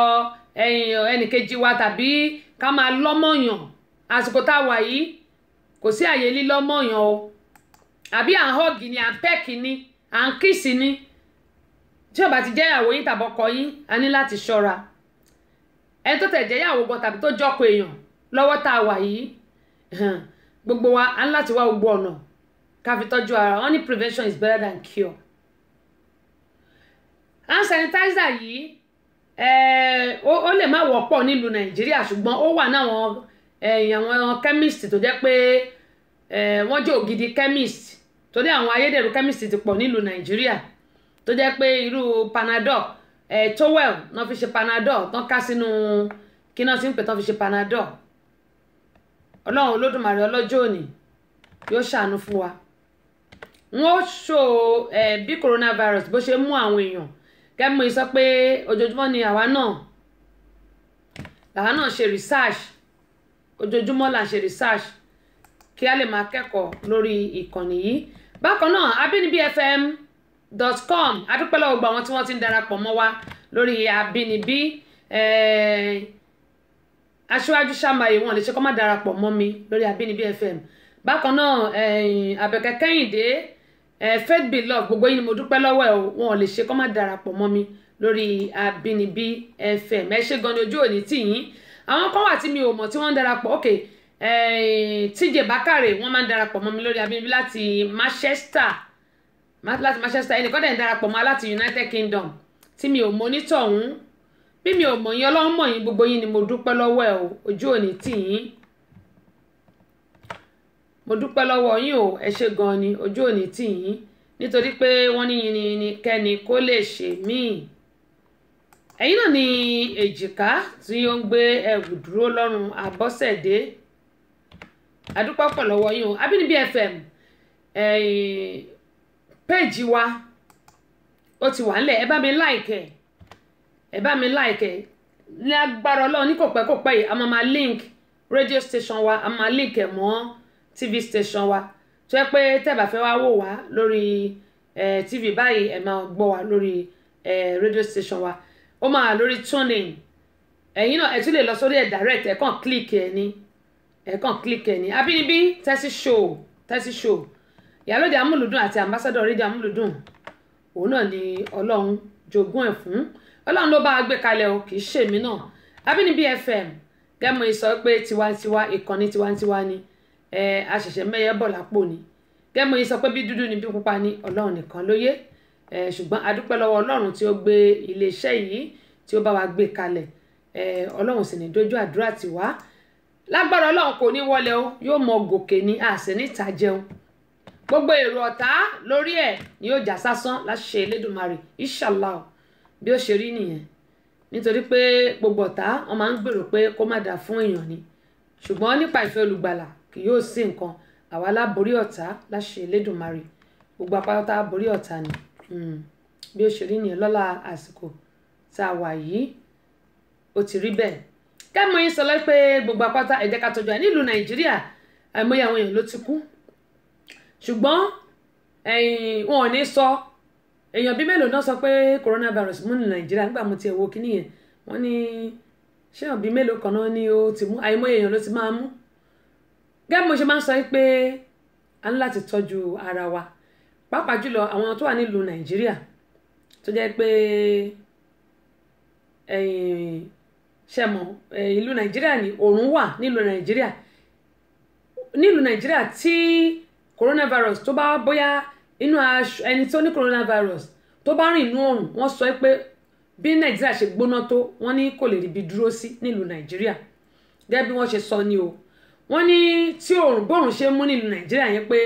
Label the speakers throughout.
Speaker 1: ẹnìkejì wa tàbí ká máa lọ́mọ̀yàn àsìkò tá a wà yìí kò sí àyè lílọ́mọ̀yàn o àbí à ń họ́ọ̀gì ni à ń pẹ́ẹ̀kì ni à ń kìsì ni tí ó bá ti jẹ́ ìyàwó yín tàbọ̀kọ yín a ní láti ṣọ́ra ẹni tó tẹ̀ jẹ́ ìyàwó gan tàbí tó jọ́kọ èèyàn lọ́wọ́ tá a wà yìí gbogbo wa a ní láti wá gbogbo ọ̀nà ká fi tọ́jú ara wọn prevention is better than cure hand sanitizer yìí ó lè má wọ́pọ̀ nílùú nàìjíríà ṣùgbọ́n ó wà náwọn àwọn chemist tó jẹ́ pé wọ́n jẹ́ ògidì chemist tó dé àwọn ayédèrú chemist ti pọ̀ nílùú nàìjíríà tó jẹ́ pé irú panadol towel náà fi ṣe panadol tán ká sínú kí náà ti ń pè tán fi ṣe panadol ọlọ́run olódùmarè ọlọ́jọ́ òní yóò ṣàánú fún wa wọ́n ṣò bí coronavirus bó ṣe mú àwọn èèyàn kẹ́mi sọ pé ojoojúmọ́ ni àwa náà làwa náà ṣe research ojoojúmọ́ là ń ṣe research kí a lè máa kẹ́kọ̀ọ́ lórí ìkànnì yìí bákan náà abinibifm.com adúpẹ́lẹ́ gbogbo àwọn tí wọ́n ti ń darapọ̀ mọ́ wa lórí abinibi eh, aṣíwájú ṣàmàyè wọn lè ṣe kó má darapọ̀ mọ́ mi lórí abinibi fm bákan náà eh, abẹ́kẹ́kẹ́yìndé faith be love gbogbo yín ni mo dúpẹ́ lọ́wọ́ ẹ̀ o wọn ò lè ṣe kọ́ má darapọ̀ mọ́ mi lórí Àbínibí FM ẹ ṣe gan ni ojú òní tì yín àwọn kan wà tí mi ò mọ̀ tí wọ́n ń darapọ̀ ok TJ Bakare wọ́n máa ń darapọ̀ mọ́ mi lórí Àbínibí láti Manchester láti Manchester ẹnìkan dẹ̀ ń darapọ̀ mọ́ láti United Kingdom tí mi ò mọ̀ onítọ̀hún bí mi ò mọ̀ yín ọlọ́run mọ̀ yín gbogbo yín ni mo dúpẹ́ lọ́wọ́ ẹ̀ o ojú òní tì yín mo dúpẹ́ lọ́wọ́ yín o ẹ ṣe gan ni ojú òní tì yín nítorí pé wọ́n ní yìnyínkẹ́ni kó lè ṣe míì ẹ̀yin náà ni èjìká tí ó ń gbé ẹrù dúró lọ́rùn Abọ́sẹ̀dé adúpọ̀ pọ̀ lọ́wọ́ yín o Abínibí FM péèjì wa ó ti wà nílẹ̀ ẹ bá mi láìkẹ̀ ẹ bá mi láìkẹ̀ lágbára ọlọ́run ní kò pẹ́ kò pẹ́ yìí a máa ma link radio station wa a máa link ẹ̀ mọ́ tv station wa tó yẹ pé tẹ́bà fẹ́ wá wò wá lórí tv báyìí ẹ̀ máa gbọ́ wá lórí radio station wa ó máa lórí tune in ẹ̀yin náà ẹ̀ tún lè lọ sórí ẹ̀ direct ẹ̀ kàn click ẹ̀ ní ẹ̀ kàn click ẹ̀ ní abínibí tẹ́sí show tẹ́sí show ìyálóde amúlùdùn àti ambassador rédíò amúlùdùn òun náà ni ọlọ́run jogún ẹ̀ fún ọlọ́run ló bá a gbé kalẹ̀ o kì í ṣèmi náà abínibí fm gẹ́mọ̀ ìsọ pé tiwantiwa ìkànnì tiwantiwa ni 105.9 àṣẹ̀ṣẹ̀ mẹ́yẹ bọ̀ lápò ni gẹ́mọ̀ yìí sọ pé bí dúdú ni bí pupa ni ọlọ́run nìkan ló yé ṣùgbọ́n adúpẹ́ lọ́wọ́ ọlọ́run tí ó gbé iléeṣẹ́ yìí tí ó bá wa gbé kalẹ̀ ọlọ́run sì ní dojú àdúrà tì wá lágbára ọlọ́run kò ní wọlé o yóò mọ gòkè ni a sì ní jẹun gbogbo èrò ọ̀tá lórí ẹ̀ ni yóò já sásán láṣẹ Elédùmarè inshallah bí ó ṣe rí nìyẹn nítorí pé gbogbo ọ̀tá wọn máa ń gbèrò pé kó má dáa fún èèyàn ni ṣùgbọ́n nípa ìfẹ́ olùgbàlà kì yóò sí nǹkan àwa láborí ọ̀tá láṣẹ Elédùmarè gbogbo apáta borí ọ̀tá ni hmm, bí ó ṣe rí nìyẹn lọ́la àsìkò tá a wà yìí ó ti rí bẹ́ẹ̀ kẹ́mọ̀ yín sọ pé gbogbo apáta ẹ̀jẹ̀ ká tọ́jú ẹ̀ nílùú Nàìjíríà àìmọye àwọn èèyàn ló ti kú ṣùgbọ́n wọn ò ní sọ èèyàn bíi mélòó náà sọ pé coronavirus mú ní Nàìjíríà nígbà mo ti ẹ̀wò kíní yẹn wọ́n ní ṣéèyàn bíi mélòó kan náà ni ó ti mú àìmọye èèyàn ló ti máa mú gẹ́gẹ́ mo ṣe máa ń sọ pé a ní láti tọ́jú ara wa pàápàá jùlọ àwọn tó wà nílùú nàìjíríà tó jẹ́ pé ṣe mọ̀ ìlú nàìjíríà ni òòrùn wà nílùú nàìjíríà nílùú nàìjíríà tí coronavirus tó bá bóyá inú aṣọ ẹni tó ní coronavirus tó bá rìn inú òòrùn wọ́n sọ pé bí nàìjíríà ṣe gbóná tó wọ́n ní kò lè ríbi dúró sí nílùú nàìjíríà gẹ́gẹ́ bí wọ́n ṣe sọ ni o wọ́n ní tí òòrùn bóòrùn ṣe mú nílùú nàìjíríà yẹn pé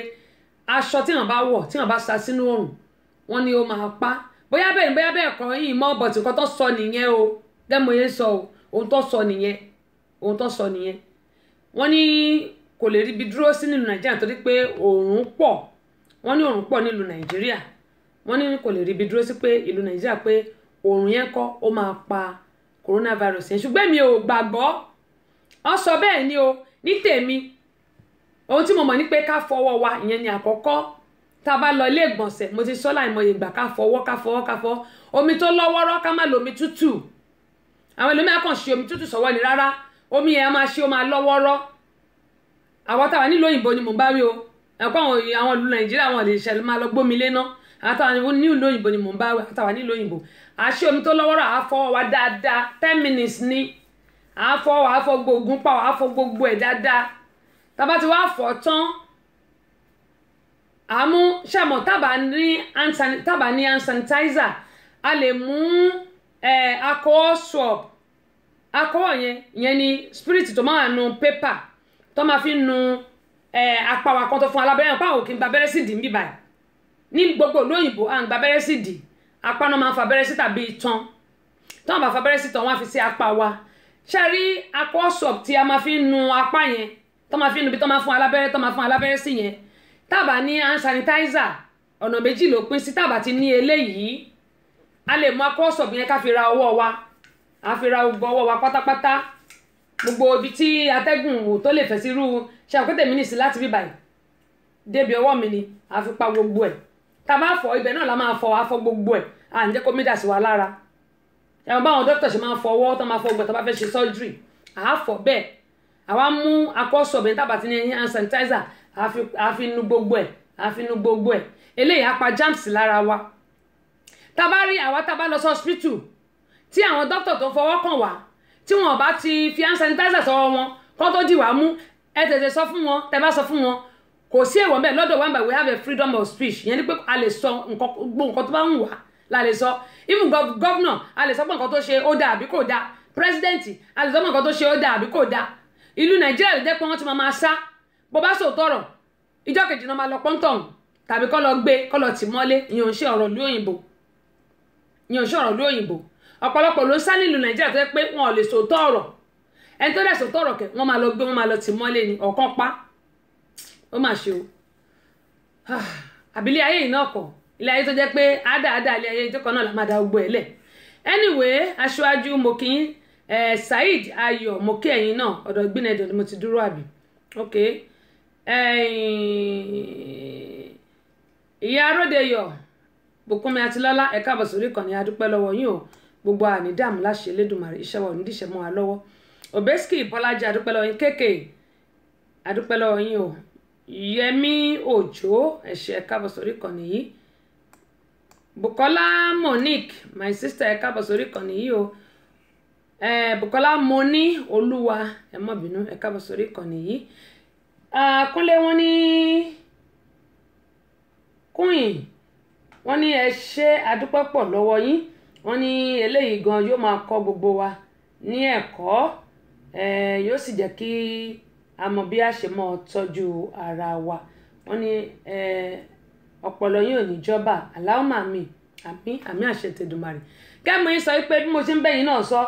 Speaker 1: aṣọ tí wọ́n bá wọ̀ tí wọ́n bá sa sínú òòrùn wọ́n ní ó máa pa bóyá bẹ́ẹ̀ bóyá bẹ́ẹ̀ kọ́ yìí mọ́ bọ̀tì nǹkan tó sọ nìyẹn o gẹ́mọ̀ yẹn sọ o ohun tó sọ nìyẹn ohun tó sọ nìyẹn wọ́n ní kò lè ríbi dúró sí nílùú nàìjíríà torí pé òòrùn pọ̀ wọ́n ní òòrùn pọ̀ nílùú nàìjíríà wọ́n ní kò lè ríbi dúró sí pé ìlú nàìjíríà pé òòrùn yẹn kọ́ ó máa pa coronavirus yẹn ṣùgbọ́n mi ò gbàgbọ́ ọ sọ bẹ́ẹ̀ ni o ní tèmi ohun tí mo mọ̀ ní pé ká fọwọ́ wa ìyẹn ni àkọ́kọ́ tá a bá lọ ilé ìgbọ̀nsẹ̀ mo ti sọ láìmọye ìgbà ká fọwọ́ ká fọwọ́ ká fọwọ́ omi tó lọ́wọ́rọ́ ká má lo omi tútù àwọn ẹlòmíràn kàn ṣe omi tútù sọ́wọ́ ni rárá omi yẹn máa ṣe ó máa lọ́wọ́rọ́ àwọn táwa nílò òyìnbó ni mò ń bá wí o ẹ̀kọ́ àwọn àwọn ìlú nàìjíríà wọn lè ṣẹlẹ̀ máa lọ gbómi lé náà àwọn táwa nílò òyìnbó ni mò ń bá wí à ń fọ wàá fọ gbogbo pa wàá fọ gbogbo ẹ̀ dáadáa tábà ti wá fọ tán àmú ṣàmọ̀ tábà ní tábà ní hand sanitizer a lè mú eh, alcohol swab alcohol yẹn yẹn ni spirit tó máa nu pépà tó máa fi nu apá wa kan tó fún alábẹ́rẹ́ yẹn pàwọn kì í gba abẹ́rẹ́ sí dì ń bíbáyìí ní gbogbo lóyìnbó à ń gba abẹ́rẹ́ sí dì apá náà máa ń fa abẹ́rẹ́ sí tàbí itan tí wọ́n bá fa abẹ́rẹ́ sí tán wọ́n á fi sí apá wa ṣe rí akọ ṣọ̀p tí a máa fi nu apá yẹn tó máa fi nu bí tó máa fún alábẹ́rẹ́ tó máa fún alábẹ́rẹ́ sí yẹn tábà ní hand sanitizer ọ̀nà méjì ló pín sí tábà ti ní eléyìí a lè mú akọ ṣọ̀p yẹn ká fi ra ọwọ́ wa a fi ra gbogbo ọwọ́ wa pátápátá gbogbo ibi tí atẹ́gùn wò tó lè fẹ́ sí irú ṣe àpótẹ́ mi nìsí láti bí báyìí débi ọwọ́ mi ni àfi pa gbogbo ẹ̀ tá a bá fọ ibẹ̀ náà la máa fọ afọ gbogbo ẹ̀ à ń jẹ́ kó mi dà sí wa lára ẹ̀wọ̀n báwọn dókítà ṣe máa ń fọwọ́ tó máa fọ ọgbẹ́ tó bá fẹ́ ṣe surgery àáfọ̀ bẹ́ẹ̀ àwa mú akọ́sọ̀bẹ̀ tábà ti ní hand sanitizer àfi nu gbogbo ẹ̀ àfi nu gbogbo ẹ̀ eléyìí apá germs lára wa tábà rí àwa tábà lọ sí hospital tí àwọn dókítà tó fọwọ́ kàn wá tí wọn bá ti fi hand sanitizer sọwọ́ wọn kó tó dì wá mú ẹ tètè sọ fún wọn tẹ bá sọ fún wọn kò sí èèwọ̀ bẹ́ẹ̀ lọ́dọ̀ wọn bá we have a freedom of speech ìyẹn ni pé a lè sọ nǹkan gbogbo nǹkan tó bá ń wà á la sọ even gọ́vnà a lè sọ pé nǹkan tó ṣe ó dáa àbí kò dáa pírẹsidẹ́ǹtì a lè sọ pé nǹkan tó ṣe ó dáa àbí kò dáa ìlú nàìjíríà lè jẹ́ pé wọ́n ti máa sá bó bá sọ tọrọ ìjọ kejì náà máa lọ pọ́ńtọ̀n tàbí kọ́ lọ gbé kọ́ lọ tì mọ́lé ìyàn ṣe ọ̀rọ̀ lú òyìnbó ìyàn ṣe ọ̀rọ̀ lú òyìnbó ọ̀pọ̀lọpọ̀ ló sá nílùú nàìjíríà tó yẹ pé wọn ò lè sọ tọrọ ẹni tó dẹ̀ sọ tọrọ kẹ wọ́n máa lọ gbé wọ́n máa lọ tì mọ́lé ni ọ̀kan pa ó mà ṣe o àbílẹ̀ ayé yìí náà kọ̀ ilé ayé tó jẹ́ pé àádáadá ilé ayé ìjọkọ̀ náà la máa da gbogbo ẹ̀ lẹ̀ anyway aṣáájú mokin ẹ eh, Saheed Ayọ̀ mokin ẹ̀yin náà ọ̀dọ̀ gbìnẹ̀dọ̀ ni mo ti dúró àbí ok ìyá Ródeyọ̀ Bùkúnmi Atilọ́lá ẹ káàbọ̀ sórí ìkànnì adúpẹ́ lọ́wọ́ yín o gbogbo ànídàmú láṣẹ Elédùmarè iṣẹ́ wa ò ní wa lọ́wọ́ Obeski Bọ́lájí adúpẹ́ lọ́wọ́ yín kéèké adúpẹ́ lọ́wọ́ yín o Yẹmí Òjó ẹ̀ṣẹ̀ káàbọ̀ sórí ìkànnì yìí Bukola Monique my sister ẹ káàbọ̀ sórí ìkànnì yìí o Bukola Moni Olúwa ẹ má bínú ẹ káàbọ̀ sórí ìkànnì yìí uh, Kúnlé wọn ní Queen wọn ní ẹ ṣe àdúpẹ́ pọ̀ lọ́wọ́ yín wọn ní eléyìí gan yóò máa kọ́ gbogbo wa ní ẹ̀kọ́ yóò sì jẹ́ kí a mọ̀ bí a ṣe mọ̀ tọ́jú ara wa wọn ní ọpọlọ yóò ní jọba aláwọmà mi àmì àmì àṣetẹdùmarè kẹmọ yín sọ pé bí mo ṣe ń bẹyìn náà sọ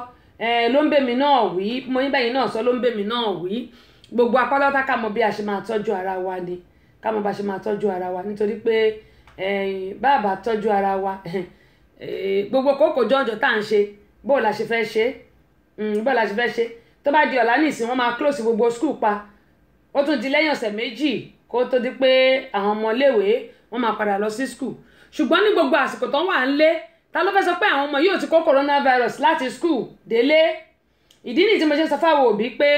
Speaker 1: ló ń bẹmí náà wí bí mo ń bẹyìn náà sọ ló ń bẹmí náà wí gbogbo apálọ́tà ká mọ bí a ṣe máa tọ́jú ara wa ni ká mọ bá ṣe máa tọ́jú ara wa nítorí pé bàbá tọ́jú ara wa gbogbo kókò jọjọ tá à ń ṣe bó la ṣe fẹ́ ṣe mm, bó la ṣe fẹ́ ṣe tó bá di ọ̀la nísìn wọ́n máa close gbogbo school pa ó tún di lẹ́yìn ọ̀sẹ̀ méjì kó tó di pé àwọn ọmọléèwé wọ́n máa padà lọ sí school ṣùgbọ́n ní gbogbo àsìkò tán wà ń lé ta ló fẹ́ sọ pé àwọn ọmọ yóò ti kó coronavirus láti school délé ìdí nìyí tí mo ṣe sọ fáwọn òbí pé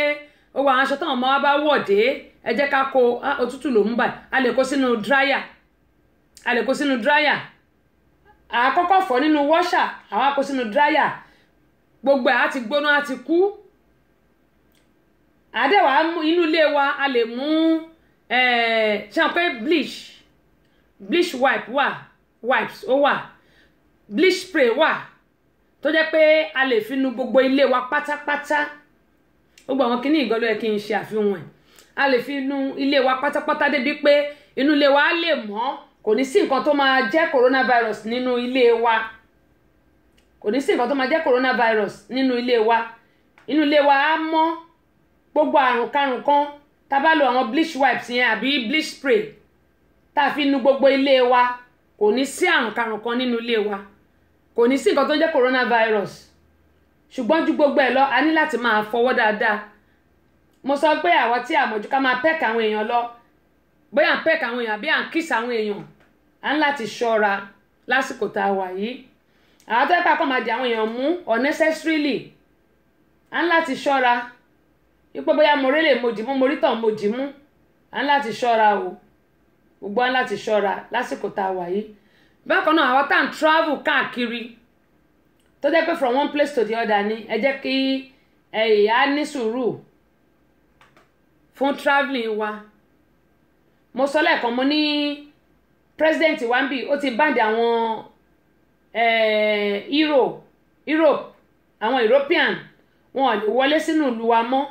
Speaker 1: ó wà aṣọ táwọn ọmọ wa bá wọ̀dé ẹ jẹ́ ká kó òtútù ló ń bà a lè kó sínú dráyà a lè kó sínú dráyà àkọ́kọ́ fọ̀ nínú wọ́ṣà àwa kó sínú dráyà gbogbo ẹ̀ á ti gbóná á ti kú àdẹ́wà inú ilé wa a lè mú eh, ṣàpẹ́ bleach bleach wipe wà wipes ó wà bleach spray wà tó jẹ́ pé a lè fi nu gbogbo ilé wa pátápátá gbogbo àwọn kìíní ìgọ́lọ́ ẹ̀ kí n ṣe àfihàn ẹ̀ a lè fi nu ilé wa pátápátá débi pé inú ilé wa á lè mọ́ kò ní sí nǹkan tó máa jẹ́ coronavirus nínú ilé wa kò ní sí nǹkan tó máa jẹ́ coronavirus nínú ilé wa inú ilé wa á mọ́ gbogbo àrùn karùn kan tá a bá lo àwọn bleach wipes yẹn àbí bleach spray tá a fi nu gbogbo ilé wa kò ní sí àrùn karùn kan nínú ilé wa kò ní sí nǹkan tó jẹ́ coronavirus ṣùgbọ́n ju gbogbo ẹ̀ lọ a ní láti máa fọwọ́ dáadáa mo sọ pé àwa tí a mọ̀jú ká máa pẹ́ẹ̀kì àwọn èèyàn lọ bóyá à ń pẹ́ẹ̀kì àwọn èèyàn bí à ń kíìsì àwọn èèyàn à ń láti ṣọ́ra lásìkò tá a wà yìí àwọn tó yẹpa kọ́ máa di àwọn èèyàn mú unnecessarily à ń láti ṣọ́ra wípé bóyá mo rí lè mojì mú mo rí tàn mojì mú à ń láti ṣọ́ra o gbogbo wa láti ṣọ́ra lásìkò tá a wà yìí bákan náà àwa tá à ń travel káàkiri tó jẹ́ pé from one place to the other ni ẹ jẹ́ kí ẹ̀yà ní sùúrù fún travelling wa mo sọ lẹ́ẹ̀kan mo ní president wa ń bì ó ti báǹdì àwọn euro Europe àwọn European wọn ò lè wọlé sínú ìlú wa mọ́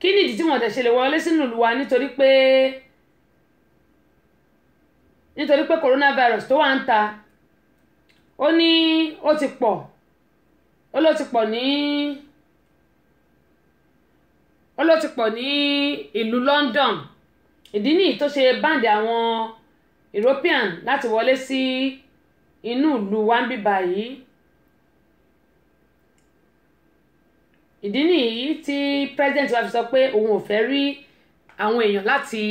Speaker 1: kí nìdí tí wọn ò tẹ̀ ṣe lè wọlé sínú ìlú wa nítorí pé nítorí pé coronavirus tó wà ń ta ó ní ó ti pọ̀ ó ló ti pọ̀ ní ó ló ti pọ̀ ní ìlú London ìdí nìyí tó ṣe báǹdì àwọn European láti wọlé sí inú ìlú wa ń bí báyìí ìdí nìyí tí president wa fi sọ pé òun ò fẹ́ rí àwọn èèyàn láti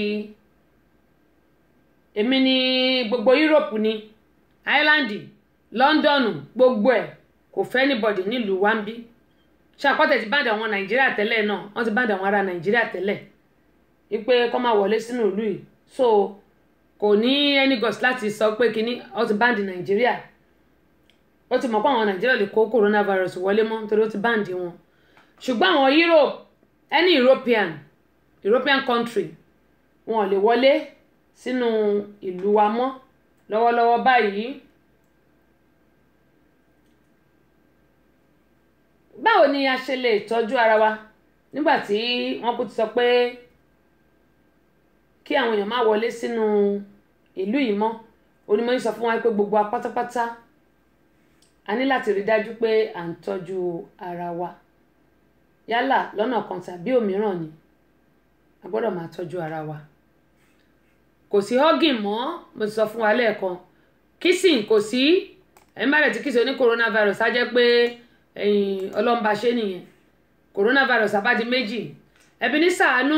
Speaker 1: èmi ni gbogbo Europe ni Ireland London gbogbo ẹ̀ kò fẹ́ anybody nílùú wa ń bí ṣàkọ́tẹ̀ ti bá àwọn Nàìjíríà tẹ́lẹ̀ náà wọ́n ti bá àwọn ará Nàìjíríà tẹ́lẹ̀ wípé kọ́ máa wọlé sínú ìlú yìí so kò ní any got láti sọ pé kínní ó ti báǹdì Nàìjíríà ó ti mọ̀ pé àwọn Nàìjíríà lè kó coronavirus wọlé mọ́ nítorí ó ti báǹdì wọn ṣùgbọ́n àwọn Europe any European European country wọn ò lè wọlé sínú ìlú wa mọ́ lọ́wọ́lọ́wọ́ báyìí. báwo ni a ṣe lè tọ́jú ara wa nígbà tí wọ́n kú ti sọ pé kí àwọn èèyàn má wọlé sínú ìlú yìí mọ́ onímọ̀ yìí sọ fún wa pé gbogbo wa pátápátá a ní láti rí dájú pé à ń tọ́jú ara wa yálà lọ́nà kan tàbí òmíràn ni a gbọ́dọ̀ máa tọ́jú ara wa kò sí hugging mọ́ mo ti sọ fún wa lẹ́ẹ̀kan kissing kò sí ẹ̀yin bá rẹ̀ ti coronavirus á jẹ́ pé ọlọ́mbaṣẹ́ nìyẹn coronavirus abádi méjì ẹbí ní sàánú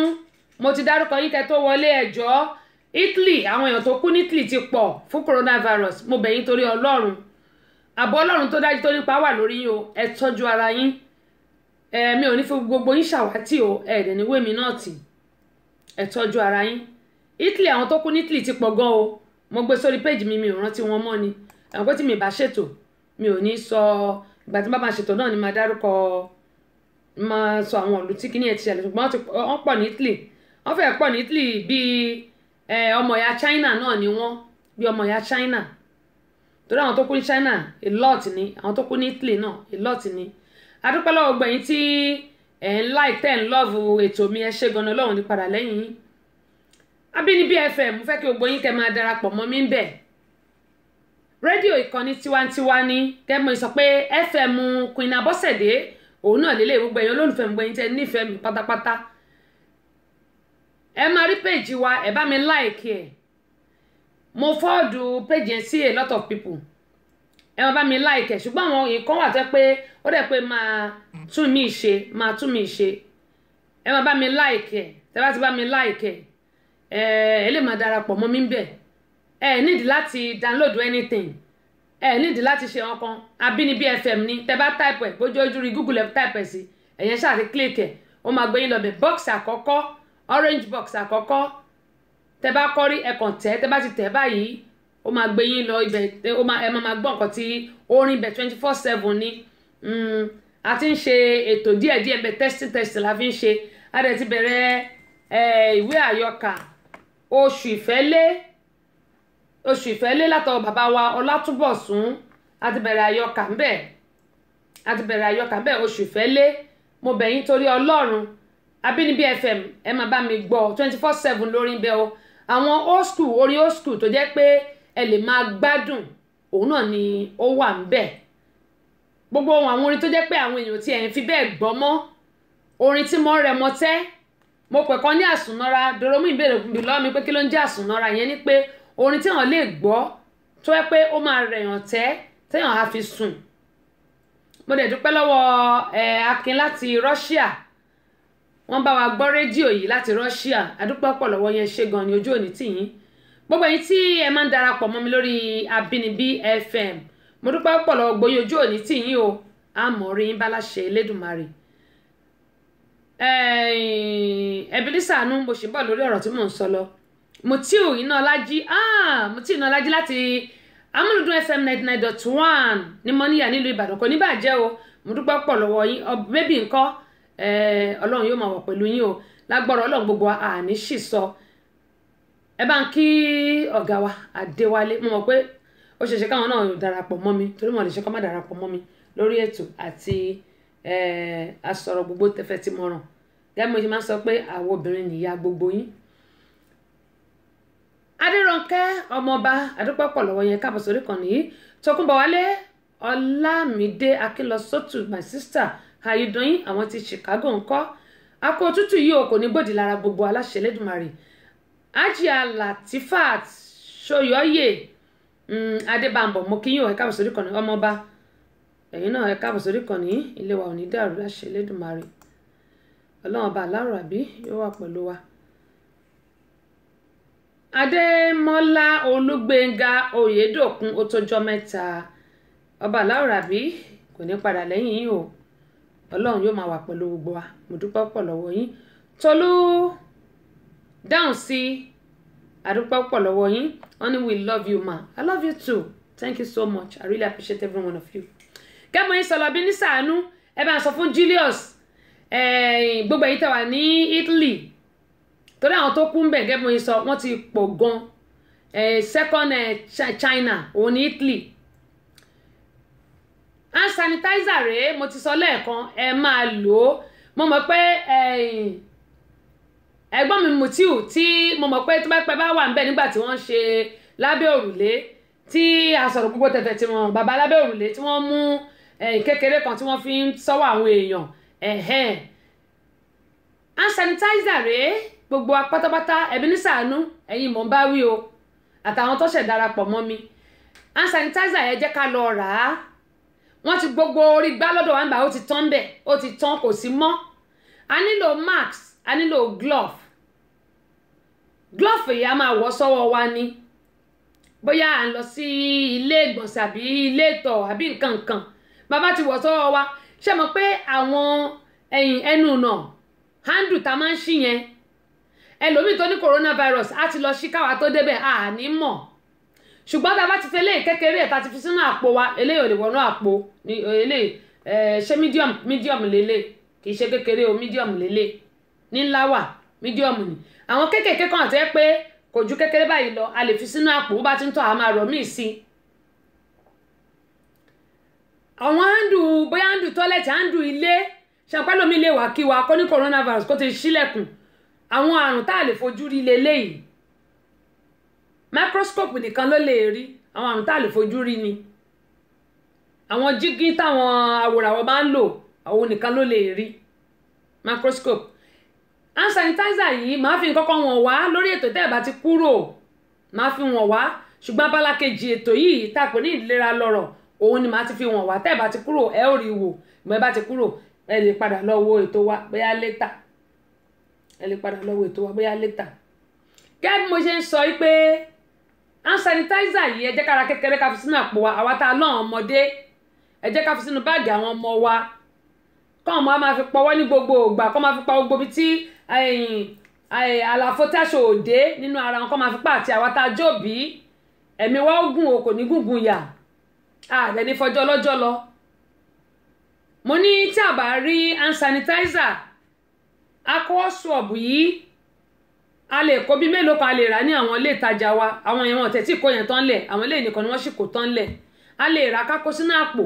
Speaker 1: mo ti dárúkọ yín kẹ́ tó wọlé ẹ̀jọ́ Italy àwọn èèyàn tó kú ní Italy ti pọ̀ fún coronavirus mo bẹ̀ yín torí Ọlọ́run àbọ̀ Ọlọ́run tó dájú tó nípa wà lórí yín o ẹ tọ́jú ara yín ẹ̀ẹ̀mí ò ní fi gbogbo yín ṣàwátì o ẹ̀ẹ́dẹ̀ ní wèmí náà tì ẹ tọ́jú ara yín Italy àwọn tó kú ní Italy ti pọ̀ gan o mo gbé sórí péjì mi mi ò rántí wọn mọ́ ni àwọn pé tí mi bá ṣètò mi ò ní sọ ìgbà tí n ṣètò náà ni máa dárúkọ máa sọ àwọn ìlú tí kìíní ẹ̀ ti ṣẹlẹ̀ ṣùgbọ́n wọ́n pọ̀ ní Italy wọ́n fẹ́ẹ̀ pọ̀ ní Italy bíi ọmọ ìyá China náà ni wọ́n bíi ọmọ ìyá China torí àwọn tó kú ní China a lot ni àwọn tó kú ní Italy náà a lot ni adúpẹ́ lọ́wọ́ gbẹ̀yìn tí ẹ̀ ń like tẹ̀ love ètò mi ẹ ṣe gan-an Ọlọ́run ní padà lẹ́yìn yín Abínibí FM fẹ́ kí gbogbo yín kẹ́ máa darapọ̀ mọ́ mi ń bẹ̀ rédíò ìkànnì tiwantiwa ni tẹ́mọ sọ pé FM Queen Abọ́sẹ̀dé òun náà lélẹ̀ gbogbo ẹ̀yọ́ olólùfẹ́ mi gbẹ̀yìn tẹ́ nífẹ̀ẹ́ mi pátápátá ẹ máa rí péjì wa ẹ bá mi láìkì ẹ mo fọ́ọ̀dù péjì yẹn sí a lot of people ẹ máa bá mi láìkì ẹ ṣùgbọ́n àwọn nǹkan wà tẹ́ pé ó dẹ̀ pé máa tún mi ṣe máa tún mi ṣe ẹ máa bá mi láìkì ẹ tẹ́ bá ti bá mi láìkì ẹ ẹ ẹ lè máa darapọ̀ mọ́ mi ń bẹ̀ ẹ nídìí láti download anything ẹ nídìí láti ṣe wọn kan Abínibí FM ni tẹ bá type ẹ bójú ojú rí Google ẹ type ẹ sí ẹ̀yẹn ṣáà ti click ẹ ó máa gbé yín lọ bẹ̀ box àkọ́kọ́ orange box àkọ́kọ́ tẹ bá kọ́rí ẹ kàn tẹ́ tẹ bá ti tẹ́ báyìí ó máa gbé yín lọ ibẹ̀ ó máa ẹ máa máa gbọ́ nǹkan tí orin ibẹ̀ twenty four seven ni hmm, a ti ń ṣe ètò díẹ̀díẹ̀ bẹ̀ testing testing la fi ń ṣe a dẹ̀ ti bẹ̀rẹ̀ ìwé àyọkà oṣù ìfẹ́lé oṣù ìfẹ́lé látọ̀ bàbá wa ọlátúbọ̀sún àti bẹ̀rẹ̀ àyọkà ń bẹ̀ àti àyọkà ń bẹ̀ oṣù ìfẹ́lé mo bẹ̀ yín torí ọlọ́run Abínibí FM ẹ máa bá mi gbọ́ twenty four seven lórí bẹ́ẹ̀ o àwọn old school orin old school tó jẹ́ pé ẹ lè máa gbádùn òun náà ni ó wà ń bẹ̀ gbogbo àwọn orin tó jẹ́ pé àwọn èèyàn tí ẹ̀ ń fi bẹ́ẹ̀ gbọ́ mọ́ orin tí mo rẹ̀ mọ́tẹ́ mo pẹ̀ kan ní àsùnnára doromu ìbéèrè lọ́wọ́ mi pé kí ló ń jẹ́ àsùnnára ìyẹn ni pé orin tí lè gbọ́ tó yẹ pé ó máa rẹ̀yàn tẹ́ téèyàn á fi sùn mo dẹ̀ dúpẹ́ lọ́wọ́ akin láti Russia wọ́n bá wa gbọ́ rédíò yìí láti Russia àdúpẹ́ pọ̀ lọ́wọ́ yẹn ṣe gan ni ojú òní tìyín gbogbo ẹ̀yin tí ẹ máa ń darapọ̀ mọ́ mi lórí Àbínibí FM mo dúpẹ́ pọ̀ lọ́wọ́ gbóyè ojú òní tìyín o àmọ́ rí yín bá láṣẹ Elédùmarè Ebenezer Anu mo ṣì ń bọ̀ lórí ọ̀rọ̀ tí mò ń sọ lọ Mutiu Inaolaji ah, Mutiu Inaolaji láti amúlùdún FM ninety nine dot one ní mọ́níyà nílùú Ìbàdàn kò ní bàjẹ́ o mo dúpẹ́ pọ̀ lọ́wọ́ yín bébì ńkọ́ Ọlọ́run yóò máa wọ̀ pẹ̀lú yín o lágbọ́rọ̀ Ọlọ́run gbogbo àní sì sọ ẹ bá ń kí ọ̀gá wa Adéwálé mo mọ̀ pé ó ṣeéṣe káwọn náà darapọ̀ mọ́ mi torí wọn lè ṣe kọ́ má darapọ̀ mọ́ mi lórí ètò àti asọ̀rọ̀ gbogbo tẹfẹ́ ti mọ̀ràn gẹ́gẹ́ mo ṣe máa ń sọ pé àwọn obìnrin nìyá gbogbo yín. adérankẹ́ ọmọọba adúpọ̀pọ̀ lọ́wọ́ yẹn káàbọ̀ sórí kan nìyí tọkùnbọ̀wálé ọlámídé akínlọsọ́tù my sister how you doing àwọn ti chicago ńkọ́ akọ òtútù yìí o kò ní gbòdì lára gbogbo aláṣẹ lẹ́dùnmarè ajia latifat ṣoyọyè mm, adébàmbọ mo kí yín o ẹ káàbọ̀ sórí kan ní ọmọọba ẹ̀yin náà ẹ káàbọ̀ sórí kan ní ilé wa ò dàrú láṣẹ Elédùmarè ọlọ́run ọba aláàrọ̀ àbí yóò wà pẹ̀lú wa. adémọ́lá olúgbénga oyèdòkun ó tọ́jọ́ mẹ́ta ọba aláàrọ̀ àbí kò ní padà lẹ́yìn yìí o ọlọ́run yóò máa wà pẹ̀lú gbogbo wa mo dúpẹ́ pọ̀ lọ́wọ́ yín tolú dáhùn sí àdúpẹ́ pọ̀ lọ́wọ́ yín wọ́n we love you ma i love you too thank you so much i really appreciate every one of you kẹ́mọ̀ yín sọ̀lọ́ bí ní sàánú ẹ bá ń sọ fún Julius eh, gbogbo ẹ̀yin tẹ́ wà ní Italy torí àwọn tó kú ń bẹ̀ gẹ́gẹ́ bí mo sọ wọ́n ti pọ̀ gan eh, second eh, China òun ní Italy hand sanitizer rèé mo ti sọ lẹ́ẹ̀kan ẹ máa lò ó mo mọ̀ pé ẹ̀gbọ́n mi Mutiu tí mo mọ̀ pé tó bá pẹ́ bá wà ń bẹ̀ nígbà tí wọ́n ṣe lábẹ́ òrùlé tí asọ̀rọ̀ gbogbo tẹ̀fẹ̀ tí wọ́n bàbá lábẹ́ òrùlé tí wọ́n mú kékeré kan tí wọ́n fi ń sọ́wọ́ àwọn èèyàn hand sanitizer rèé gbogbo apátápátá ẹbí ní sàánú ẹ̀yin mò ń bá wí o àtàwọn tó ṣẹ̀ darapọ̀ mọ́ mi hand sanitizer yẹn jẹ́ ká lọ rà á wọ́n ti gbogbo orí gbá lọ́dọ̀ wa ń bà ó ti tán bẹ̀ ó ti tán kò sí mọ́ a nílò mask a nílò glove glove yìí a máa wọ̀ sọ́wọ́ wa ni bóyá à ń lọ sí ilé ìgbọ̀nsẹ̀ àbí ilé ìtọ̀ àbí nǹkan nǹkan bàbá ti wọ̀ sọ́wọ́ wa ṣé mọ̀ pé àwọn ẹ̀yìn ẹnu nà handle tá a máa ń ṣí yẹn ẹlòmíì tó ní coronavirus á ti lọ ṣíkàwá tó débẹ̀ àní mọ̀ ṣùgbọ́n tá a bá ti fẹ́ léyìn kékeré ẹ̀ tá a ti fi sínú àpò wa eléyìí ò lè wọnú àpò eléyìí ṣé medium medium lélẹ̀ kì í ṣe kékeré o medium lélẹ̀ ní ńlá wà medium ni àwọn kékèké kan àti ẹ pé kò ju kékeré báyìí lọ a lè fi sínú àpò bó bá ti ń tọ́ àá rọ̀ míì sí i àwọn handle bóyá handle toilet handle ilé ṣàpẹ́ lómi lè wá kí wa kó ní coronavirus kó ti ṣílẹ̀kùn àwọn àrùn tá a lè fojú rí leléyìí microscope nìkan ló lè rí àwọn àrùn tá a lè fojú rí ni àwọn jígí táwọn awòràwọ̀ máa ń lò àwọn nìkan ló lè rí microscope hand sanitizer yìí máa fi kọ́kọ́ wọ̀n wá lórí ètò tẹ́ ẹ̀ bá ti kúrò máa fi wọ̀n wá ṣùgbọ́n abala kejì ètò yìí tá ní ìlera lọ́rọ̀ òun ni màá ti fi wọ̀n wá tẹ́ ẹ̀ bá ti kúrò ẹ ò rí wò mọ́ ẹ bá ti kúrò ẹ lè padà lọ wo ètò wa bóyá létà ẹ lè padà lọ wo ètò wa bóyá létà. gẹ́gẹ́ bí mo ṣe ń sọ yí pé hand sanitizer yìí ẹ jẹ́ kára kékeré ká fi sínú àpò wa àwa tá a lọ́ àwọn ọmọdé ẹ jẹ́ ká fi sínú báàgì àwọn ọmọ wa kọ́ ọmọ wa máa fi pọwọ́ ní gbogbo ògbà kọ́ máa fi pa gbogbo ibi tí àlàfo táṣọ òde nínú ara wọn kọ́ máa fi pa àti àwa tá a jóòbí ẹ̀mí wa ó gùn o kò ní gùngùn yà ààrẹ ní fọjọ́ lọ́jọ́ lọ mo ní tí a bá rí hand sanitizer akọ́ ṣọ̀bù yìí a lè kó bí mélòó kan a lè rà ní àwọn ilé ìtajà wa àwọn èèyàn ọ̀tẹ̀ kò yẹn tán lẹ̀ àwọn ilé ìnìkan ni wọ́n sì kò tán lẹ̀ a lè rà kákó sínú àpò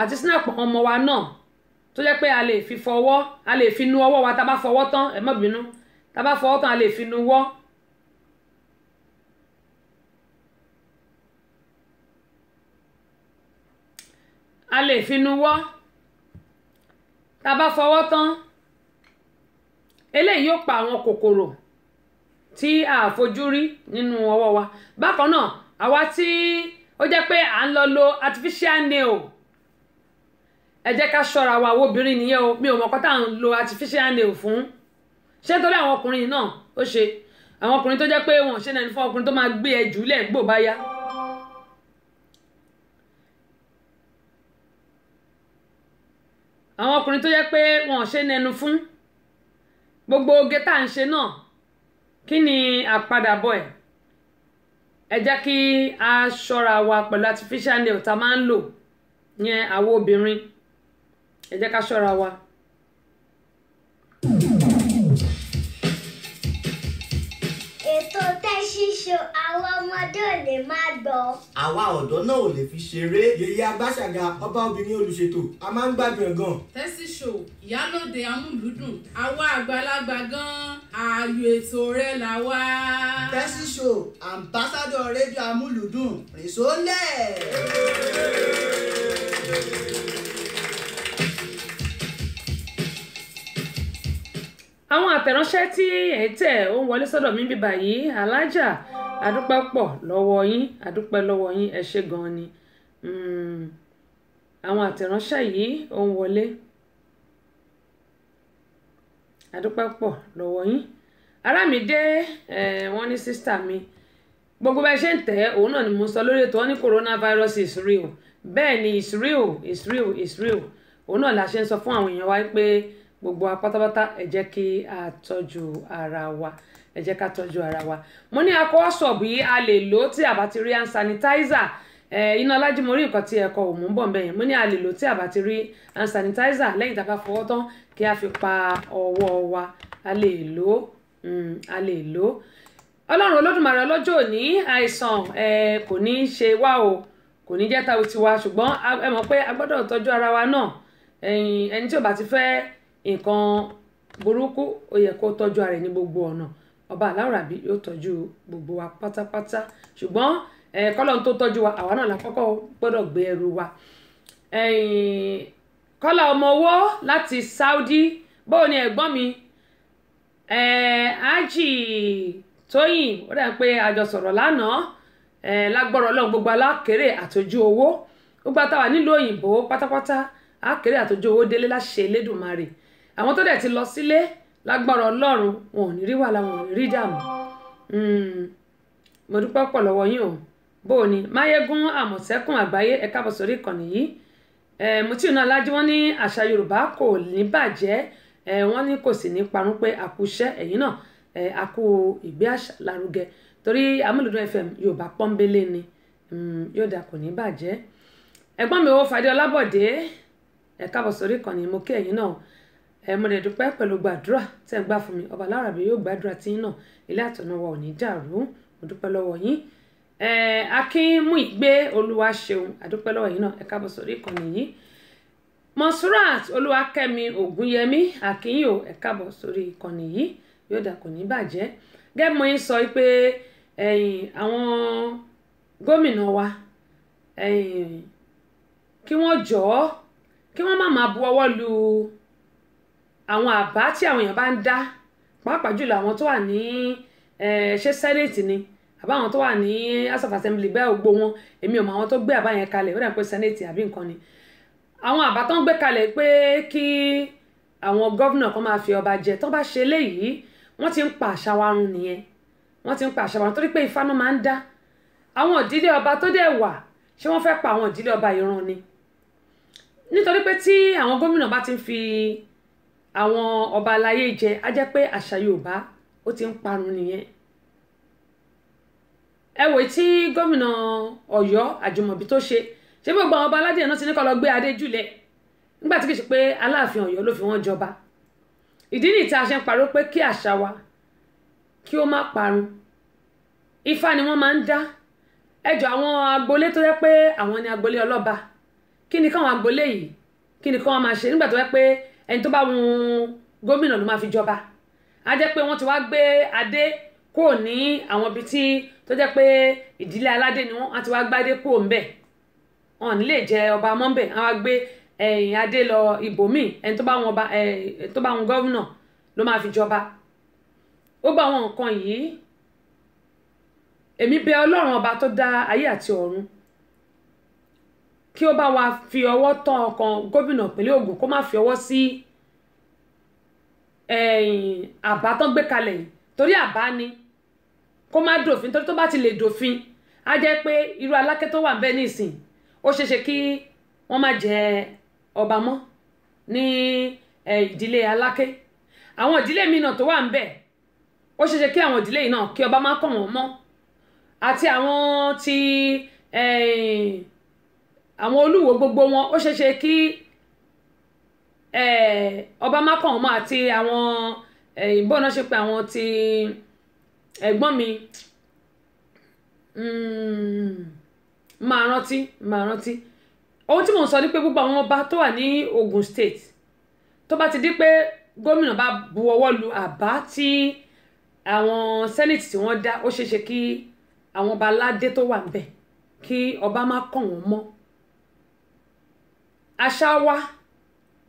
Speaker 1: àti sínú àpò ọmọ wa náà tó jẹ́ pé a lè fi fọwọ́ a lè fi nu ọwọ́ wa tá a bá fọwọ́ tán ẹ má bínú tá a bá fọwọ́ tán a lè fi nu wọ́ a lè finú wọ́ tá a bá fọwọ́ tán eléyìí yóò pa àwọn kòkòrò tí a fojú rí nínú ọwọ́ wa bákan náà àwa tí ó jẹ́ pé à ń lọ lo artificial nail ẹ jẹ́ ká ṣọ́ra wa obìnrin nìyẹn o mi ò mọ̀ kọ́ tá à ń lo artificial nail fún ṣé nítorí àwọn ọkùnrin náà ó ṣe àwọn ọkùnrin tó jẹ́ pé wọn ò ṣe nẹni fún ọkùnrin tó máa gbé ẹ jùlẹ̀ gbò bá yá. àwọn ọkùnrin tó yẹ pé wọn ò ṣe nẹnu fún gbogbo oge tá à ń ṣe náà kí ni àpadàbọ̀ ẹ̀ ẹ jẹ́ kí a ṣọ́ra wa pẹ̀lú artificial nail tá a máa ń lò yẹn àwọn obìnrin ẹ jẹ́ ká ṣọ́ra wa. ètò tẹ́ ṣíṣe àwọn ọmọdé ò lè má gbọ́. àwa ọ̀dọ́ náà ò lè fi ṣeré. yèyé agbáṣàga ọba obìnrin olùṣètò a máa ń gbádùn ẹ̀ gan. tẹ́sí ṣò ìyálòde amúlùúdùn àwa àgbàlagbà gan-an ààyò ètò rẹ là wá. tẹ́sí ṣò rédíò amúlùúdùn rìnsólẹ̀. àtẹ̀ránṣẹ́ tí ẹ̀ ń tẹ̀ ó ń wọlé sọ́dọ̀ mi bíbà yìí alájà adúpẹ́ pọ̀ lọ́wọ́ yín adúpẹ́ lọ́wọ́ yín ẹ ṣé gan-an ni hmm, àwọn àtẹ̀ránṣẹ́ yìí ó ń wọlé adúpẹ́ pọ̀ lọ́wọ́ yín Àràmídé wọ́n ní sísítà mi gbogbo bá ṣe ń tẹ̀ òun náà ni mo sọ lórí ètò wọn ní coronavirus is real bẹ́ẹ̀ ni is real is real is real òun náà la ṣe ń sọ fún àwọn èèyàn wa pé gbogbo apátápátá ẹ jẹ́ kí a tọ́jú ara wa ẹ jẹ́ ká tọ́jú ara wa mo ní akọ ṣọọbù yìí a lè lò tí a bá ti rí hand sanitizer ẹ iná alájí mo rí nǹkan tí ẹkọ òmù ń bọ̀ ń bẹ̀yẹn mo ní a lè lò tí a bá ti rí hand sanitizer lẹ́yìn tá a bá fọwọ́ tán kí a fi pa ọwọ́ wa a lè lò hmm, a lè lò ọlọ́run olódùmarè ọlọ́jọ́ òní àìsàn kò ní í ṣe wá o kò ní jẹ́ ta tiwa ṣùgbọ́n ẹ mọ̀ pé a gbọ́dọ̀ tọ́jú ara wa náà ẹni tí ò bá ti fẹ́ẹ́ nǹkan burúkú ó yẹ kó tọ́jú ara ẹ̀ ní gbogbo ọ̀nà ọba aláwòrábí yóò tọ́jú gbogbo wa pátápátá ṣùgbọ́n kọ́lọ́n tó tọ́jú wa àwa náà la kọ́kọ́ gbọ́dọ̀ gbé ẹrù wa kọ́lá ọmọ owó láti Saudi bóò ni ẹ̀gbọ́n mi ájì tóyìn ó dà pé àjọ sọ̀rọ̀ lánàá lágbọ́rọ̀ ọlọ́run gbogbo alákèrè àtọ́jú owó gbogbo àtàwà nílùú òyìnbó pátápátá àkèrè àtọ́jú owó délé láṣẹ Elédùmarè àwọn tó dẹ̀ ti lọ sílé lágbára ọlọ́run wọn ò ní rí wàhálà wọn ò ní rí dààmú hmm, mo dúpẹ́ pọ̀ lọ́wọ́ yín o bó o ní máyégún àmọ̀tẹ́kùn àgbáyé ẹ káàbọ̀ sórí ìkànnì yìí mutiu náà lájú wọn ní àṣà yorùbá kò ní bàjẹ́ wọn ní kò sì ní parun pé àkúṣẹ́ ẹ̀yìn náà àkú ìgbé àṣà lárugẹ torí amúlùdún fm yorùbá pọ́ńbélé ni hmm, yóò dà kò ní bàjẹ́ ẹ̀gbọ́n mi ò fàdé ọlábọ̀dé ẹ káàbọ̀ sórí ìkànnì mo kí ẹ̀yìn náà ẹ mo lè dúpẹ́ pẹ̀lú gbàdúrà tẹ́ ń gbà fún mi ọba lára mi yóò gbàdúrà tí yín náà ilé àtọ̀nà wa ò ní dàrú mo dúpẹ́ lọ́wọ́ yín akínmúìgbé olúwa ṣeun àdúpẹ́ lọ́wọ́ yín náà ẹ káàbọ̀ sórí ìkànnì yìí monsurat olúwakẹ́mi ògúnyẹmí àkínyìn o ẹ káàbọ̀ sórí ìkànnì yìí yóò dà kò ní bàjẹ́ gẹ́gẹ́ yín sọ pé àwọn gómìnà wa kí wọ́n jọ̀ọ́ kí wọ́n má máa bu ọwọ́ lu àwọn àbá tí àwọn èèyàn bá ń dá pàápàá jùlọ àwọn tó wà ní ṣé senate ni àbá àwọn tó wà ní house of assembly bẹ́ẹ̀ gbogbo wọn èmi ò mọ àwọn tó gbé àbá yẹn kalẹ̀ ó dà pé senate àbí nǹkan ni àwọn àbá tó ń gbé kalẹ̀ pé kí àwọn gọ́vnà kan máa fi ọba jẹ tó bá ṣe léyìí wọ́n ti ń pa àṣà wa run nìyẹn wọ́n ti ń pa àṣà wa run torí pé Ifá náà máa ń dá àwọn ìdílé ọba tó dẹ̀ wà ṣé wọ́n fẹ́ pa àwọn ìdílé ọba ìran ni nítorí pé tí àwọn gómìnà bá ti ń fi àwọn ọba aláyé jẹ á jẹ́ pé àṣà yorùbá ó ti ń parun nìyẹn ẹ wòye tí gómìnà ọ̀yọ́ àjùmọ̀bí tó ṣe ṣé gbogbo àwọn ọba aládé náà ti ní kó lọ gbé adé jùlẹ̀ nígbà tí kì í ṣe pé aláàfin ọ̀yọ́ ló fi wọ́n jọba ìdí nìyí tí a ṣe ń parọ́ pé kí àṣà wa kí ó má parun ifá ni wọ́n máa ń dá ẹjọ àwọn agboolé tó yẹ pé àwọn ni agboolé ọlọ́ba kí ni káwọn agboolé yìí kí ni káwọn máa ṣe nígbà tó yẹ pé ẹni tó bá wù gómìnà ló máa fi jọba á jẹ́ pé wọ́n ti wá gbé adé kúrò ní àwọn ibi tí tó jẹ́ pé ìdílé aládé ni wọ́n á ti wá gbádé kúrò ńbẹ̀ wọn ní lè jẹ ọba mọ́ńbẹ̀ á wá gbé ẹ̀yìn eh, adé lọ ibòmíì ẹni tó bá wọn ọba ẹ̀ eh, tó bá wọn gómìnà ló máa fi jọba ó gba àwọn nǹkan yìí èmi bẹ̀ ọlọ́run ọba tó dá ayé àti ọ̀run kí ó bá wa fi ọwọ́ tán ọkàn gómìnà ìpínlẹ̀ Ògùn kó má fi ọwọ́ sí àbá tán gbé kalẹ̀ yìí torí àbá ni kó má dòfin torí tó bá ti lè dòfin á jẹ́ pé irú Aláké tó wà bẹ́ẹ̀ nísìn ó ṣeéṣe kí wọ́n má jẹ ọba mọ́ ní ìdílé Aláké àwọn ìdílé mi náà tó wà ń bẹ̀ ó ṣeéṣe kí àwọn ìdílé yìí náà kí ọba má kàn wọ́n mọ́ àti àwọn ti. Eh, àwọn olùwò gbogbo wọn ó ṣeé ṣe kí ọba mákànmọ́ àti àwọn ìbọnà ṣe pé àwọn ti ẹ̀gbọ́n mi hmm, máa rántí máa rántí ohun tí mò ń sọ ni pé gbogbo àwọn ọba tó wà ní Ogun State tó bá ti di pé gómìnà bá bu ọwọ́ lu àbá tí àwọn senate tí wọ́n dá ó ṣeéṣe kí àwọn ọba aládé tó wà ń bẹ̀ kí ọba má kàn wọ́n mọ́ àṣà wa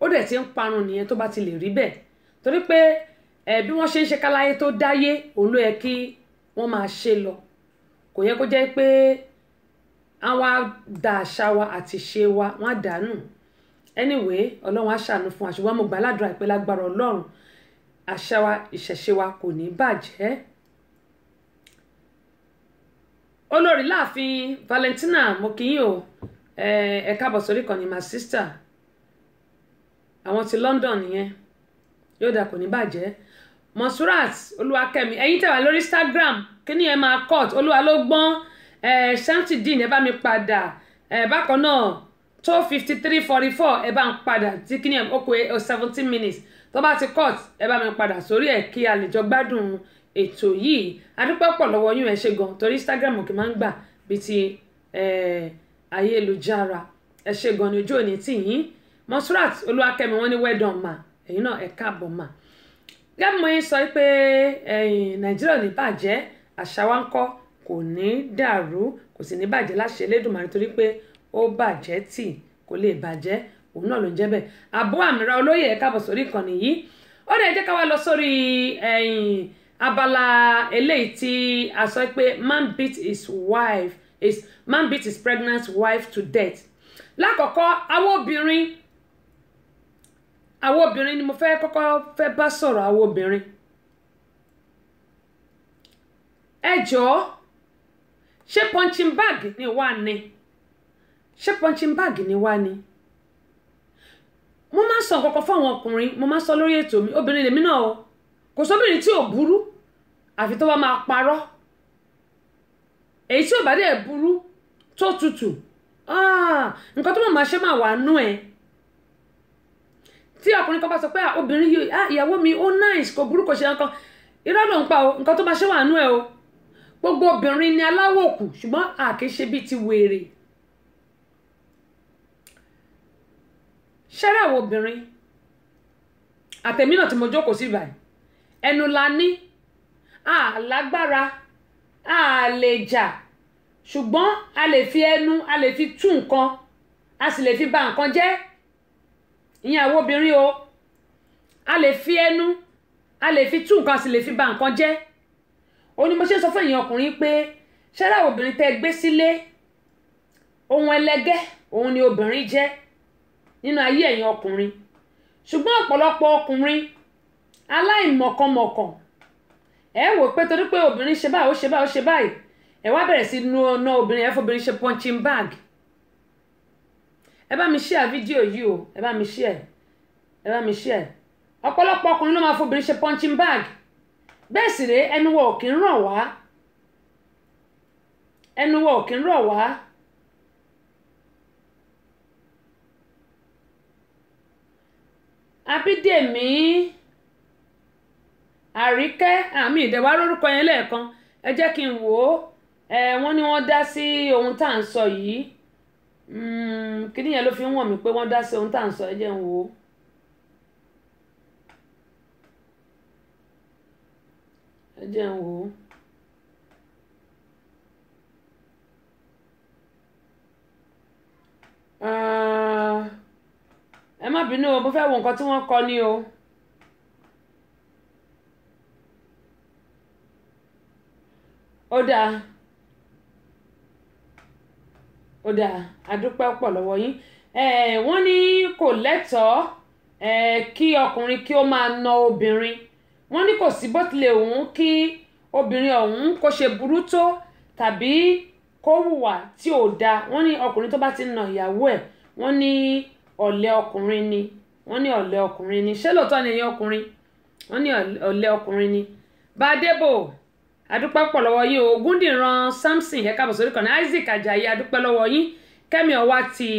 Speaker 1: ó dẹ̀ ti ń parun nìyẹn tó bá ti lè rí bẹ́ẹ̀ torí pé bí wọ́n ṣe ń ṣe káláyé tó dáyé òun ló yẹ kí wọ́n máa ṣe lọ kò yẹ kó jẹ́ pé àwọn àdà àṣà wa àti ṣe wa wọ́n á dànù anyway ọlọ́run á ṣàánú fún wa mo gbà ládùúrà pé lágbára ọlọ́run àṣà wa ìṣẹ̀ṣe wa kò ní bàjẹ́ olórí láàfin Valentina mo kí ẹ káàbọ̀ sórí kan ní my sister àwọn ti London nìyẹn yóò dà kò ní bàjẹ́ Monsurat Olúwakẹ́mi ẹ̀yin tẹ̀wá lórí Instagram kíní ẹ̀ máa court olúwa ló gbọ́n ẹ̀ Shamsideen ẹ̀ bá mi padà ẹ̀ bákan náà two fifty three forty four ẹ̀ bá ń padà tí kíní ẹ̀ ó kó seventeen minutes tó bá ti cut ẹ̀ bá mi padà sórí ẹ̀ kí a lè jọ gbádùn ètò yìí adúpẹ́ pọ̀ lọ́wọ́ yín ẹ̀ ṣe gan torí Instagram kì máa ń gbà bíi ti ẹ̀ẹ́. Eh, ayélujára ẹ ṣe gan ni ojú òní tì yín Monsrat Olúwakẹ́mi wọ́n ní wẹdàn mà ẹ̀yin náà ẹ káàbọ̀ mà gẹ́gẹ́ bí mo yín sọ pé Nàìjíríà ò ní bàjẹ́ àṣà wa ń kọ́ kò ní dàrú kò sì ní bàjẹ́ láṣẹ Elédùmarè torí pé ó bàjẹ́ tì kò lè bàjẹ́ òun náà ló ń jẹ́ bẹ́ẹ̀ àbú àmìra olóyè ẹ káàbọ̀ sórí ìkànnì yìí ó dẹ̀ jẹ́ ká wá lọ sórí abala eléyìí tí a sọ pé man beat his wife is man beat his pregnant wife to death. lákọ̀ọ́kọ́ àwọn obìnrin àwọn obìnrin ni mo fẹ́ kọ́kọ́ fẹ́ bá sọ̀rọ̀ àwọn obìnrin. ẹ jọ̀ọ́ ṣé punching bag ni wá ni ṣé punching bag ni wá ni mo máa ń sọ kọ́kọ́ fáwọn ọkùnrin mo máa ń sọ lórí ètò mi obìnrin lèmi náà o kò sóbìnrin tí ò burú àfi tó bá máa parọ́ èyí tí ò bá dẹ̀ burú tó tutù ah, nǹkan tó mọ̀ máa ṣe máa wà nú ẹ̀ tí ọkùnrin kan bá sọ pé ah, obìnrin yìí ah, ìyàwó mi ó nice kò burú kò ṣe nǹkan irọ́ ló ń pa o nǹkan tó máa ṣe wà nú ẹ̀ o gbogbo obìnrin ni aláwọ̀ òkú ṣùgbọ́n àkèṣe bíi ti wèrè ṣẹ́rẹ́ àwọn obìnrin àtẹ̀mí náà tí mo jókòó sí báyìí ẹnu la ní àlágbára. Ah, a lè jà ṣùgbọ́n a lè fi ẹnu a lè fi tú nǹkan a sì lè fi ba nǹkan jẹ́ ìyẹn àwọn obìnrin o a lè fi ẹnu a lè fi tú nǹkan a sì lè fi ba nǹkan jẹ́ ó ní mo ṣe ń sọ fún èèyàn ọkùnrin pé ṣẹ́ra obìnrin tẹ́ ẹ gbé sílé ohun ẹlẹgẹ́ òun ni obìnrin jẹ́ nínú ayé ẹ̀yin ọkùnrin ṣùgbọ́n ọ̀pọ̀lọpọ̀ ọkùnrin aláìmọ̀kànmọ̀kàn ẹ wò pé torí pé obìnrin ṣe báyìí ó ṣe báyìí ó ṣe báyìí ẹ wá bẹ̀rẹ̀ sí nu ọ̀nà obìnrin ẹ fọbìnrin ṣe bag ẹ bá mi o ẹ bá mi share ẹ bá mi share ọ̀pọ̀lọpọ̀ ọkùnrin ló máa fọbìnrin ṣe punching bag bẹ́ẹ̀ sì rèé ẹnu wa àríkẹ́ àmì ìdẹ̀wá lórúkọ yẹn lẹ́ẹ̀kan ẹ jẹ́ kí n wò ó wọ́n ní wọ́n dá sí ohun tá à ń sọ yìí hmm, kíní yẹn ló fi ń wọ̀n mí pé wọ́n dá sí ohun tá à ń sọ ẹ jẹ́ n wò ó. ẹ ah, má bínú o mo fẹ́ wo nǹkan tí wọ́n kọ ní o. ó dáa ó dáa àdúpẹ́ pọ̀ lọ́wọ́ yín wọ́n ní kò lẹ́tọ̀ọ́ kí ọkùnrin kí ó máa na obìnrin wọ́n ní kò sí bó tilẹ̀ òun kí obìnrin ọ̀hún kó ṣe burú tó tàbí kó hùwà tí ò da wọ́n ní ọkùnrin tó bá ti na ìyàwó ẹ̀ wọ́n ní ọ̀lẹ ọkùnrin ni wọ́n ní ọ̀lẹ ọkùnrin ni ṣé lóòótọ́ ni ẹ̀yin ọkùnrin wọ́n ní ọ̀lẹ ọkùnrin ni bàdébò adúpẹ́ pọ̀ lọ́wọ́ yín o Ògúndìran Samson ẹ̀ka bọ̀ sórí kànáà Isaac Ajayi adúpẹ́ lọ́wọ́ yín Kẹ́mi Ọwátì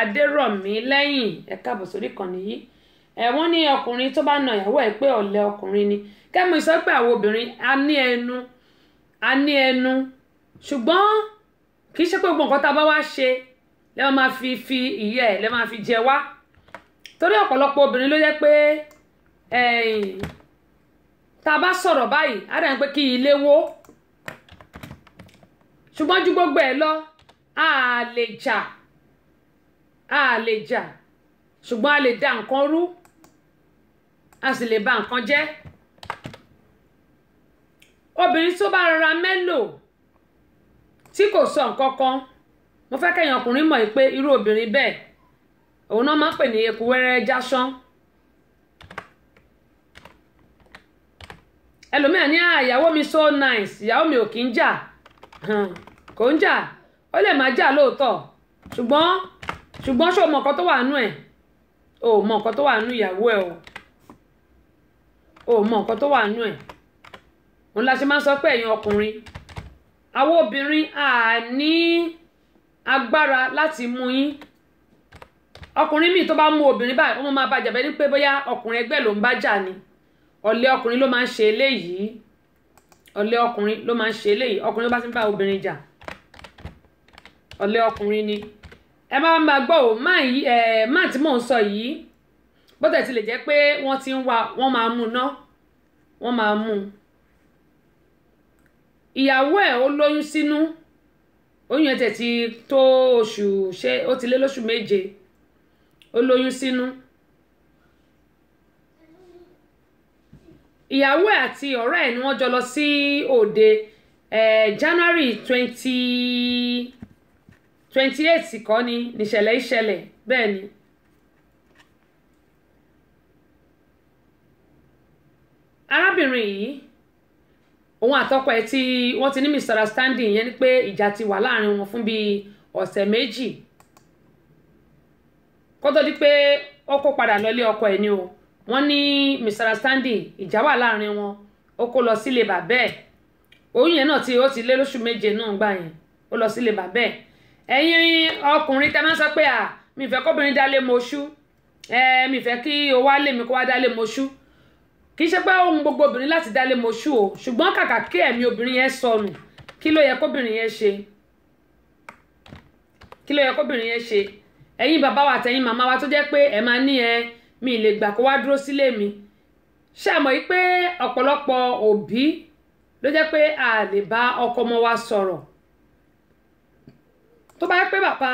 Speaker 1: Adérọ̀mí lẹ́yìn ẹ̀ka bọ̀ sórí kànáà yìí ẹ̀ wọ́n ní ọkùnrin tó bá na ìyàwó ẹ̀ pé ọ̀lẹ ọkùnrin ni Kẹ́mi sọ pé àwọn obìnrin a ní ẹnu a ní ẹnu ṣùgbọ́n kì í ṣe pé gbogbo nǹkan tá a bá wá ṣe lẹ́ máa fi fi ìyẹ́ ẹ̀ lẹ́ máa fi jẹ wá torí ọ̀pọ̀lọpọ̀ obìnrin ló yẹ pé ẹ̀yìn tá a bá sọ̀rọ̀ báyìí á dàn pé kí ilé wó ṣùgbọ́n ju gbogbo ẹ̀ lọ a lè jà a lè jà ṣùgbọ́n a lè da nǹkan rú a sì lè ba nǹkan jẹ́ obìnrin tó bá rọra mẹ́lò tí kò sọ nǹkan kan mo fẹ́ kẹ́yìn ọkùnrin mọ̀ pé irú obìnrin bẹ́ẹ̀ òun náà máa ń pè ní eku wẹ́rẹ́ jásán. ẹlòmíà ní ah, ìyàwó mi so nice ìyàwó mi ò kì í jà kò ń jà ó lè má jà lóòótọ́ ṣùgbọ́n ṣùgbọ́n ṣó mọ nǹkan tó wà nú ẹ̀ o mọ nǹkan tó wà nú ìyàwó ẹ̀ o o mọ nǹkan tó wà nú ẹ̀ òun la ṣe máa ń sọ pé ẹ̀yin ọkùnrin àwọn obìnrin à ní agbára láti mú yín ọkùnrin míì tó bá mú obìnrin báyìí wọ́n máa bá bẹ́ẹ̀ ni pé bóyá ọkùnrin ẹgbẹ́ ló ń bá jà ni ọ̀lẹ ọkùnrin ló máa ń ṣe eléyìí ọ̀lẹ ọkùnrin ló máa ń ṣe eléyìí ọkùnrin ló bá ti ń bá obìnrin jà ọ̀lẹ ọkùnrin ni ẹ bá ń bá gbọ́ ò máa yí ẹ máa tí mò ń sọ yìí bó tẹ̀ ti lè jẹ́ pé wọ́n ti ń wa wọ́n máa mú un ná wọ́n máa mú un ìyàwó ẹ̀ ó lóyún sínú oyún ẹ̀ tẹ̀ ti tó oṣù ṣe ó ti lé lóṣù méje ó lóyún sínú. ìyàwó ẹ̀ àti ọ̀rẹ́ ẹ̀ ni wọ́n jọ lọ sí òde January twenty twenty eight kọ́ ni níṣẹ̀lẹ̀ ìṣẹ̀lẹ̀ bẹ́ẹ̀ ni. arábìnrin yìí òun àtọkọ ẹ̀ tí wọ́n ti ní misunderstanding yẹn ni pé ìjà ti wà láàrin wọn fún bíi ọ̀sẹ̀ méjì kó tó di pé ó kó padà lọlé ọkọ ẹ̀ ni o wọ́n ní misunderstanding ìjà wà láàrin wọn ó kó lọ sílé bàbá ẹ̀ oyún yẹn náà tí ó ti lé lóṣù méje náà gbà yẹn ó lọ sílé bàbá ẹ̀ ẹ̀yin ọkùnrin tẹ́ máa ń sọ pé à mi fẹ́ kóbìnrin dálé moṣú ẹ mi fẹ́ kí o wá lé mi kó wá dálé moṣú kì í ṣe pé ohun gbogbo obìnrin láti dálé moṣú o ṣùgbọ́n kàkà kí ẹ̀mí obìnrin yẹn sọnù kí ló yẹ kóbìnrin yẹn ṣe kí ló yẹ kóbìnrin yẹn ṣe ẹ̀yin bàbá wa àtẹ̀yin màmá wa tó jẹ́ pé ẹ máa ní ẹ mi lè gbà kó wá dúró sílé mi ṣàmọ̀ yìí pé ọ̀pọ̀lọpọ̀ òbí ló jẹ́ pé a lè bá ọkọ ọmọ wa sọ̀rọ̀ tó bá yẹ pé bàbá